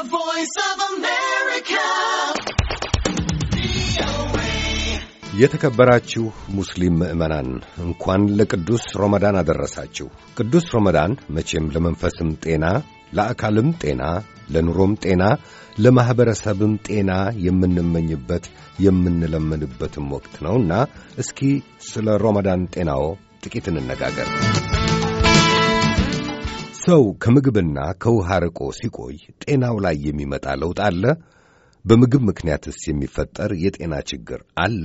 The Voice of America. የተከበራችሁ ሙስሊም ምዕመናን እንኳን ለቅዱስ ሮመዳን አደረሳችሁ። ቅዱስ ሮመዳን መቼም ለመንፈስም ጤና፣ ለአካልም ጤና፣ ለኑሮም ጤና፣ ለማኅበረሰብም ጤና የምንመኝበት የምንለመንበትም ወቅት ነውና እስኪ ስለ ሮመዳን ጤናዎ ጥቂት እንነጋገር። ሰው ከምግብና ከውሃ ርቆ ሲቆይ ጤናው ላይ የሚመጣ ለውጥ አለ? በምግብ ምክንያትስ የሚፈጠር የጤና ችግር አለ?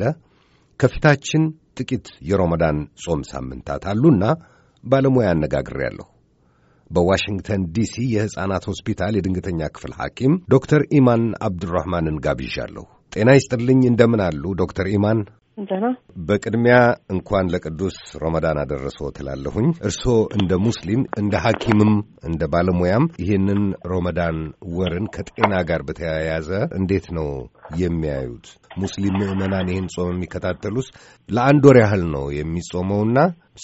ከፊታችን ጥቂት የሮመዳን ጾም ሳምንታት አሉና ባለሙያ አነጋግሬያለሁ። በዋሽንግተን ዲሲ የሕፃናት ሆስፒታል የድንገተኛ ክፍል ሐኪም ዶክተር ኢማን አብዱራህማንን ጋብዣለሁ። ጤና ይስጥልኝ። እንደምን አሉ ዶክተር ኢማን? ደህና። በቅድሚያ እንኳን ለቅዱስ ረመዳን አደረሰው ትላለሁኝ። እርስዎ እንደ ሙስሊም እንደ ሐኪምም እንደ ባለሙያም ይህንን ሮመዳን ወርን ከጤና ጋር በተያያዘ እንዴት ነው የሚያዩት? ሙስሊም ምዕመናን ይህን ጾም የሚከታተሉት ለአንድ ወር ያህል ነው የሚጾመውና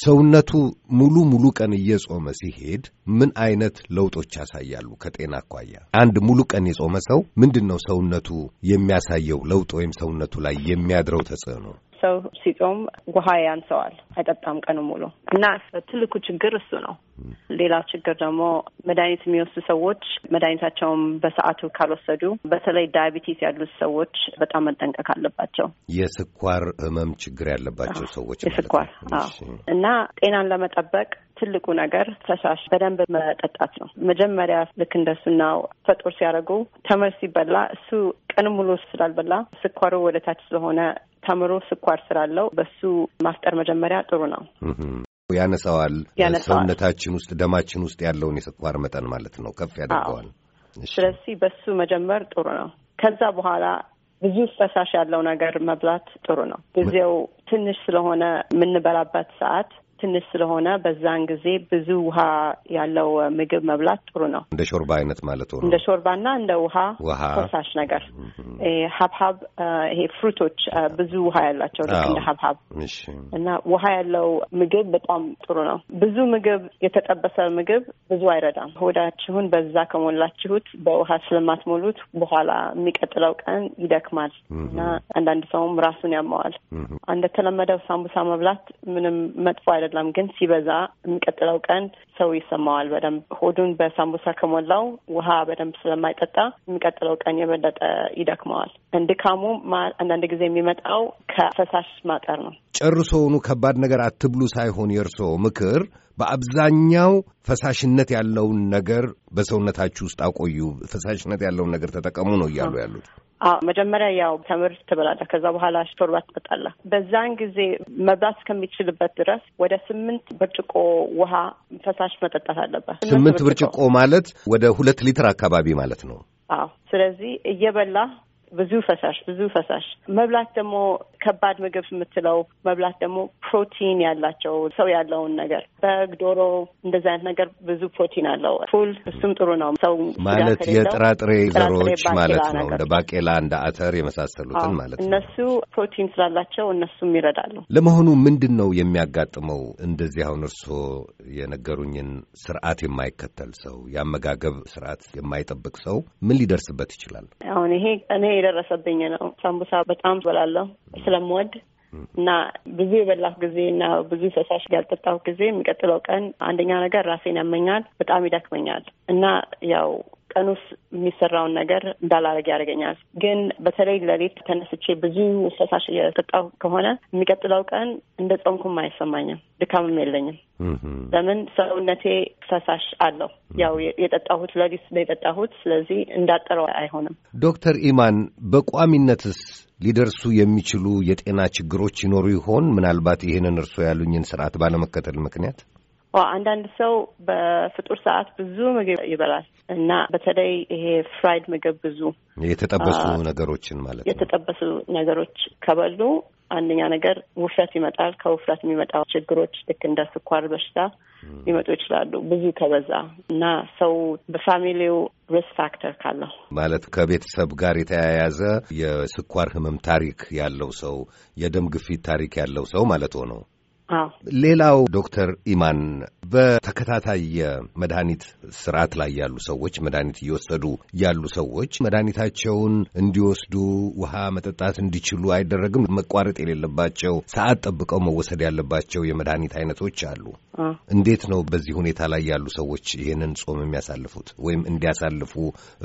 ሰውነቱ ሙሉ ሙሉ ቀን እየጾመ ሲሄድ ምን አይነት ለውጦች ያሳያሉ? ከጤና አኳያ አንድ ሙሉ ቀን የጾመ ሰው ምንድን ነው ሰውነቱ የሚያሳየው ለውጥ ወይም ሰውነቱ ላይ የሚያድረው ተጽዕኖ? ሰው ሲጾም ውሃ ያንሰዋል፣ አይጠጣም ቀኑ ሙሉ እና ትልቁ ችግር እሱ ነው። ሌላ ችግር ደግሞ መድኃኒት የሚወስዱ ሰዎች መድኃኒታቸውን በሰዓቱ ካልወሰዱ፣ በተለይ ዳያቢቲስ ያሉት ሰዎች በጣም መጠንቀቅ አለባቸው። የስኳር ህመም ችግር ያለባቸው ሰዎች የስኳር እና ጤናን ለመጠበቅ ትልቁ ነገር ፈሳሽ በደንብ መጠጣት ነው። መጀመሪያ ልክ እንደ ሱና ፈጦር ሲያደርጉ ተምር ሲበላ እሱ ቀን ሙሉ ስላልበላ ስኳሩ ወደ ታች ስለሆነ ተምሮ ስኳር ስላለው በሱ ማፍጠር መጀመሪያ ጥሩ ነው። ያነሳዋል። ሰውነታችን ውስጥ ደማችን ውስጥ ያለውን የስኳር መጠን ማለት ነው፣ ከፍ ያደርገዋል። ስለዚህ በሱ መጀመር ጥሩ ነው። ከዛ በኋላ ብዙ ፈሳሽ ያለው ነገር መብላት ጥሩ ነው። ጊዜው ትንሽ ስለሆነ የምንበላበት ሰዓት ትንሽ ስለሆነ በዛን ጊዜ ብዙ ውሃ ያለው ምግብ መብላት ጥሩ ነው። እንደ ሾርባ አይነት ማለት ነው። እንደ ሾርባና እንደ ውሃ ፈሳሽ ነገር ሀብሀብ፣ ይሄ ፍሩቶች ብዙ ውሃ ያላቸው ልክ እንደ ሀብሀብ እና ውሃ ያለው ምግብ በጣም ጥሩ ነው። ብዙ ምግብ፣ የተጠበሰ ምግብ ብዙ አይረዳም። ሆዳችሁን በዛ ከሞላችሁት በውሃ ስለማትሞሉት በኋላ የሚቀጥለው ቀን ይደክማል እና አንዳንድ ሰውም ራሱን ያመዋል። እንደተለመደው ሳምቡሳ መብላት ምንም መጥፎ አይደለም። አይደለም ግን ሲበዛ የሚቀጥለው ቀን ሰው ይሰማዋል በደንብ ሆዱን በሳምቡሳ ከሞላው ውሃ በደንብ ስለማይጠጣ የሚቀጥለው ቀን የበለጠ ይደክመዋል። ድካሙ አንዳንድ ጊዜ የሚመጣው ከፈሳሽ ማጠር ነው። ጨርሶውኑ ከባድ ነገር አትብሉ ሳይሆን የእርሶ ምክር በአብዛኛው ፈሳሽነት ያለውን ነገር በሰውነታችሁ ውስጥ አቆዩ፣ ፈሳሽነት ያለውን ነገር ተጠቀሙ ነው እያሉ ያሉት? መጀመሪያ ያው ተምር ትበላለህ፣ ከዛ በኋላ ሾርባ ትጠጣለህ። በዛን ጊዜ መብላት እስከሚችልበት ድረስ ወደ ስምንት ብርጭቆ ውሃ ፈሳሽ መጠጣት አለበት። ስምንት ብርጭቆ ማለት ወደ ሁለት ሊትር አካባቢ ማለት ነው። አዎ። ስለዚህ እየበላ ብዙ ፈሳሽ ብዙ ፈሳሽ መብላት ደግሞ ከባድ ምግብ የምትለው መብላት ደግሞ ፕሮቲን ያላቸው ሰው ያለውን ነገር በግ፣ ዶሮ እንደዚህ አይነት ነገር ብዙ ፕሮቲን አለው። ፉል እሱም ጥሩ ነው። ሰው ማለት የጥራጥሬ ዘሮች ማለት ነው። እንደ ባቄላ፣ እንደ አተር የመሳሰሉትን ማለት ነው። እነሱ ፕሮቲን ስላላቸው እነሱም ይረዳሉ። ለመሆኑ ምንድን ነው የሚያጋጥመው እንደዚህ አሁን እርስዎ የነገሩኝን ስርዓት የማይከተል ሰው፣ የአመጋገብ ስርዓት የማይጠብቅ ሰው ምን ሊደርስበት ይችላል? አሁን ይሄ እኔ የደረሰብኝ ነው። ሳምቡሳ በጣም ትበላለሁ ስለምወድ እና ብዙ የበላሁ ጊዜ እና ብዙ ፈሳሽ ያልጠጣሁ ጊዜ የሚቀጥለው ቀን አንደኛ ነገር ራሴን ያመኛል፣ በጣም ይደክመኛል እና ያው ቀን ውስጥ የሚሰራውን ነገር እንዳላረግ ያደርገኛል። ግን በተለይ ለሌት ተነስቼ ብዙ ፈሳሽ የጠጣሁ ከሆነ የሚቀጥለው ቀን እንደ ጾምኩም አይሰማኝም፣ ድካምም የለኝም። ለምን ሰውነቴ ፈሳሽ አለው። ያው የጠጣሁት ለሊት የጠጣሁት ስለዚህ እንዳጠረው አይሆንም። ዶክተር ኢማን በቋሚነትስ ሊደርሱ የሚችሉ የጤና ችግሮች ይኖሩ ይሆን? ምናልባት ይህንን እርስዎ ያሉኝን ስርዓት ባለመከተል ምክንያት አንዳንድ ሰው በፍጡር ሰዓት ብዙ ምግብ ይበላል። እና በተለይ ይሄ ፍራይድ ምግብ ብዙ የተጠበሱ ነገሮችን ማለት ነው። የተጠበሱ ነገሮች ከበሉ አንደኛ ነገር ውፍረት ይመጣል። ከውፍረት የሚመጣው ችግሮች ልክ እንደ ስኳር በሽታ ሊመጡ ይችላሉ ብዙ ከበዛ እና ሰው በፋሚሊው ሪስክ ፋክተር ካለው ማለት ከቤተሰብ ጋር የተያያዘ የስኳር ህመም ታሪክ ያለው ሰው፣ የደም ግፊት ታሪክ ያለው ሰው ማለት ሆነው ሌላው ዶክተር ኢማን በተከታታይ የመድኃኒት ስርዓት ላይ ያሉ ሰዎች መድኃኒት እየወሰዱ ያሉ ሰዎች መድኃኒታቸውን እንዲወስዱ ውሃ መጠጣት እንዲችሉ አይደረግም። መቋረጥ የሌለባቸው ሰዓት ጠብቀው መወሰድ ያለባቸው የመድኃኒት አይነቶች አሉ። እንዴት ነው በዚህ ሁኔታ ላይ ያሉ ሰዎች ይህንን ጾም የሚያሳልፉት ወይም እንዲያሳልፉ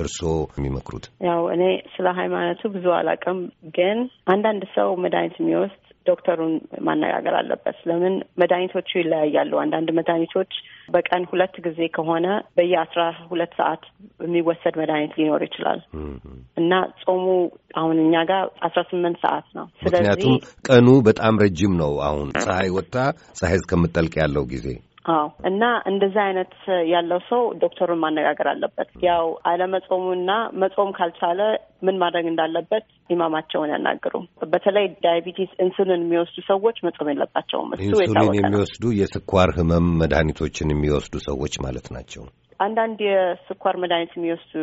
እርስዎ የሚመክሩት? ያው እኔ ስለ ሃይማኖቱ ብዙ አላውቅም፣ ግን አንዳንድ ሰው መድኃኒት የሚወስድ ዶክተሩን ማነጋገር አለበት። ለምን መድኃኒቶቹ ይለያያሉ። አንዳንድ መድኃኒቶች በቀን ሁለት ጊዜ ከሆነ በየአስራ ሁለት ሰዓት የሚወሰድ መድኃኒት ሊኖር ይችላል እና ጾሙ አሁን እኛ ጋር አስራ ስምንት ሰዓት ነው። ምክንያቱም ቀኑ በጣም ረጅም ነው። አሁን ፀሐይ ወጥታ ፀሐይ እስከምጠልቅ ያለው ጊዜ አዎ እና እንደዚ አይነት ያለው ሰው ዶክተሩን ማነጋገር አለበት። ያው አለመጾሙና መጾም ካልቻለ ምን ማድረግ እንዳለበት ኢማማቸውን ያናግሩ። በተለይ ዳያቢቲስ ኢንሱሊን የሚወስዱ ሰዎች መጾም የለባቸውም። እሱ ኢንሱሊን የሚወስዱ የስኳር ህመም መድኃኒቶችን የሚወስዱ ሰዎች ማለት ናቸው። አንዳንድ የስኳር መድኃኒት የሚወስዱ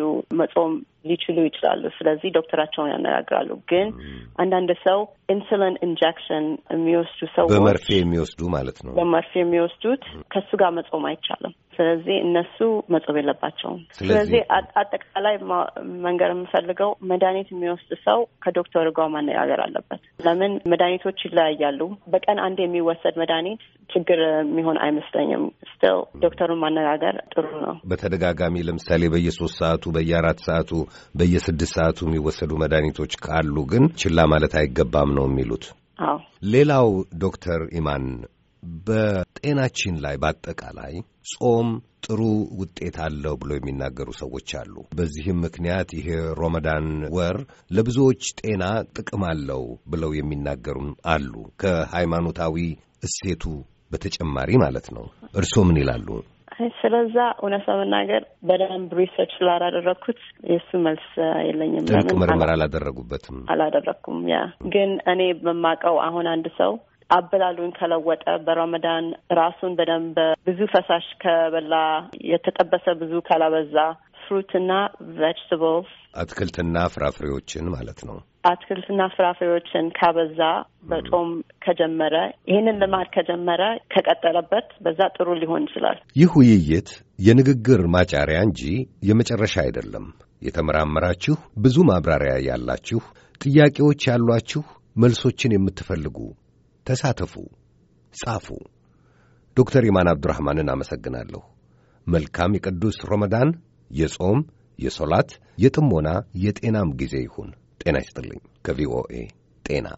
መጾም ሊችሉ ይችላሉ። ስለዚህ ዶክተራቸውን ያነጋግራሉ። ግን አንዳንድ ሰው ኢንሱሊን ኢንጀክሽን የሚወስዱ ሰው በመርፌ የሚወስዱ ማለት ነው። በመርፌ የሚወስዱት ከሱ ጋር መጾም አይቻልም። ስለዚህ እነሱ መጾም የለባቸውም። ስለዚህ አጠቃላይ መንገድ የምፈልገው መድኃኒት የሚወስድ ሰው ከዶክተር ጋር ማነጋገር አለበት። ለምን መድኃኒቶች ይለያያሉ። በቀን አንድ የሚወሰድ መድኃኒት ችግር የሚሆን አይመስለኝም። ስትል ዶክተሩን ማነጋገር ጥሩ ነው። በተደጋጋሚ ለምሳሌ በየሶስት ሰዓቱ በየአራት ሰዓቱ በየስድስት ሰዓቱ የሚወሰዱ መድኃኒቶች ካሉ ግን ችላ ማለት አይገባም ነው የሚሉት። ሌላው ዶክተር ኢማን በጤናችን ላይ በአጠቃላይ ጾም ጥሩ ውጤት አለው ብሎ የሚናገሩ ሰዎች አሉ። በዚህም ምክንያት ይሄ ሮመዳን ወር ለብዙዎች ጤና ጥቅም አለው ብለው የሚናገሩም አሉ። ከሃይማኖታዊ እሴቱ በተጨማሪ ማለት ነው። እርስዎ ምን ይላሉ? ስለዛ እውነት ለመናገር በደንብ ሪሰርች ስላላደረግኩት የእሱ መልስ የለኝም። ጥልቅ ምርመራ አላደረጉበትም አላደረግኩም። ያ ግን እኔ በማውቀው አሁን አንድ ሰው አበላሉን ከለወጠ በረመዳን ራሱን በደንብ ብዙ ፈሳሽ ከበላ የተጠበሰ ብዙ ካላበዛ ፍሩትና ቬጅታብልስ አትክልትና ፍራፍሬዎችን ማለት ነው። አትክልትና ፍራፍሬዎችን ካበዛ በጾም ከጀመረ ይህንን ልማድ ከጀመረ ከቀጠለበት በዛ ጥሩ ሊሆን ይችላል። ይህ ውይይት የንግግር ማጫሪያ እንጂ የመጨረሻ አይደለም። የተመራመራችሁ ብዙ ማብራሪያ ያላችሁ ጥያቄዎች ያሏችሁ መልሶችን የምትፈልጉ ተሳተፉ፣ ጻፉ። ዶክተር ኢማን አብዱራህማንን አመሰግናለሁ። መልካም የቅዱስ ረመዳን የጾም የሶላት የጥሞና የጤናም ጊዜ ይሁን። ጤና ይስጥልኝ። ከቪኦኤ ጤና